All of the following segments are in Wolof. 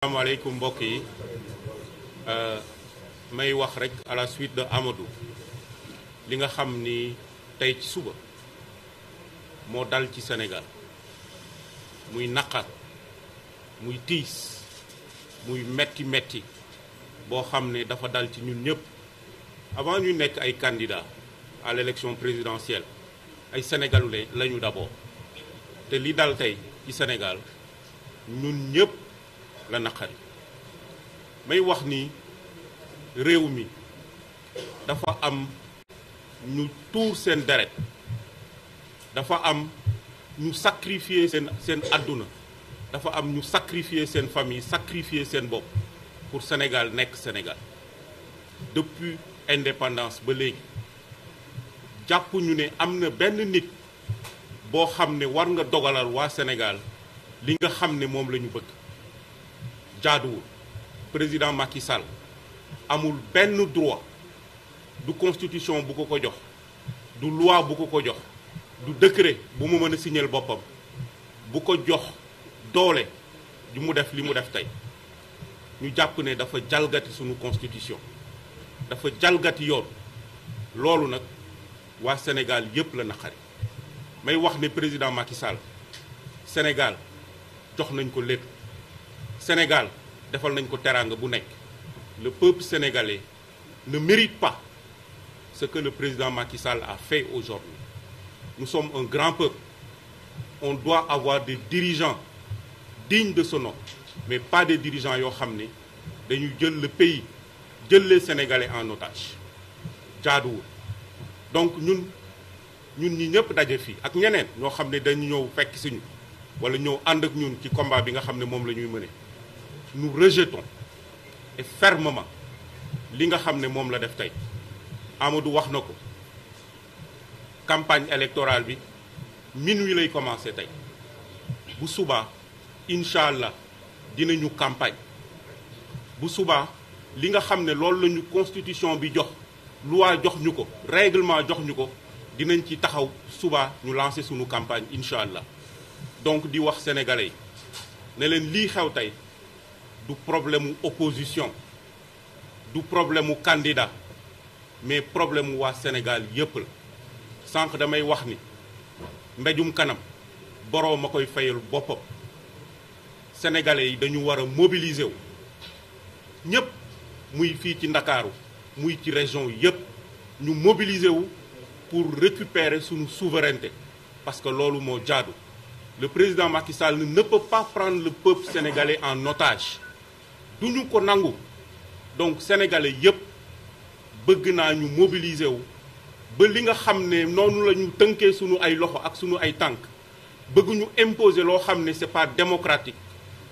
asalaamaaleykum mbokk yi euh, may wax rek à la suite de Amadou li nga xam ni tey ci suba moo dal ci Sénégal muy naqat muy tiis muy metti metti boo xam ne dafa dal ci ñun ñëpp avant ñu nekk ay candidats à l'élection présidentielle ay sénégalais lañu d'abord te li dal tey ci Sénégal ñun ñëpp. la naqari may wax ni réew mi dafa am ñu tuur seen deret dafa am ñu sacrifier seen seen àdduna dafa am ñu sacrifier seen famille sacrifier seen bopp pour Sénégal nekk Sénégal depuis indépendance ba léegi jàpp ñu ne am na benn nit boo xam ne war nga dogalal waa Sénégal li nga xam ne moom la ñu bëgg jaaduwul président Macky Sall amul benn droit du constitution bu ko ko jox du loi bu ko ko jox du décret bu mu mën a signal boppam bu ko jox doole ju mu def li mu def tey ñu jàpp ne dafa jalgati sunu constitution dafa jalgati yoon loolu nag waa Sénégal yépp la naqari may wax ne président Macky Sall Sénégal jox nañ ko lépp Sénégal defal nañ ko teraanga bu nekk le peuple sénégalais ne mérite pa ce que le président Macky Sall a fait aujourd'hui nous somme un grand peuple on doit avoir des dirigeants dignes de ce nom mais pas des dirigeants yoo xam ne dañu jël le pays jël les Sénégalais en otage jaaduwul donc ñun ñun ñi ñëpp daje fii ak ñeneen ñoo xam ne dañu ñëw fekk si ñu wala ñëw ànd ak ñun ci combat bi nga xam ne moom la ñuy mëne nous rejetons et fermement li nga xam ne moom la def tey Amadou wax na ko campagne électorale bi min minuit lay commencé tey bu subaa incha allah dinañu campagne bu subaa li nga xam ne loolu la ñu constitution bi jox loi jox ñu ko règlement jox ñu ko dinañ ci taxaw subaa ñu lancer sunu campagne incha allah. donc di wax sénégalais yi ne leen lii xew tey du problème mu opposition du problème mu candidat mais problème mu waa Sénégal yépp la sànq damay wax ni mbéjum kanam boroom a koy fayal boppam sénégalais yi dañu war a mobiliser wu ñépp muy fii ci Ndakaaru muy ci région yépp ñu mobiliser wu pour récupérer sunu souveraineté parce que loolu moo jaadu le président Macky Sall ne peut prendre le peuple sénégalais en otage du ñu ko nangu donc sénégalais yépp bëgg naa ñu mobiliser wu ba li nga xam ne noonu lañu tënkee sunu ay loxo ak sunu ay tànk bëgg ñu imposer loo xam ne c'est pas démocratique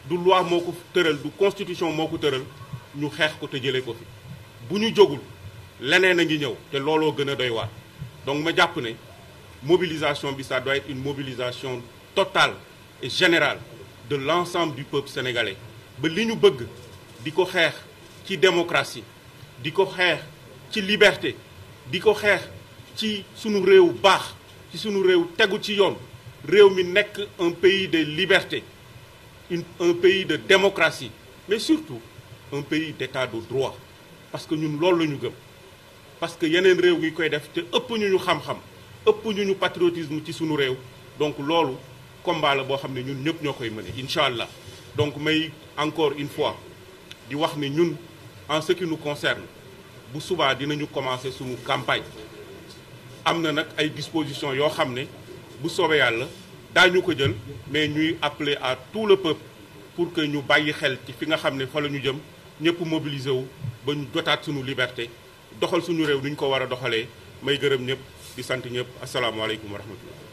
du loi moo ko tëral du constitution moo ko tëral ñu xeex ko te jëlee ko fi bu ñu jógul leneen a ngi ñëw te looloo gën a doy waar donc ma jàpp ne mobilisation bi sa doit une mobilisation totale et générale de l'ensemble du peuple sénégalais ba li ñu bëgg di ko xeex ci démocratie di ko xeex ci liberté di ko xeex ci sunu réew baax ci sunu réew tegu ci yoon réew mi nekk un pays de liberté une un pays de démocratie mais surtout un pays d'état de droit parce que ñun loolu la ñu gëm parce que yeneen réew ngi koy def te ëpp ñu ñu xam-xam ëpp ñu ñu patriotisme ci sunu réew donc loolu combat la boo xam ne ñun ñëpp ñoo koy mëne incha allah donc may encore une fois di wax ne ñun en ce qui nous concerne bu subaa dinañu commencer suñu campagne am na nag ay dispositions yoo xam ne bu soobee yàlla daañu ko jël mais ñuy appeler à tout le peuple pour que ñu bàyyi xel ci fi nga xam ne fa la ñu jëm ñëpp mobiliser wu ba ñu jotaat suñu liberté doxal suñu réew ni ñu ko war a doxalee may gërëm ñëpp di sant ñëpp asalaamaaleykum wa rahmatullah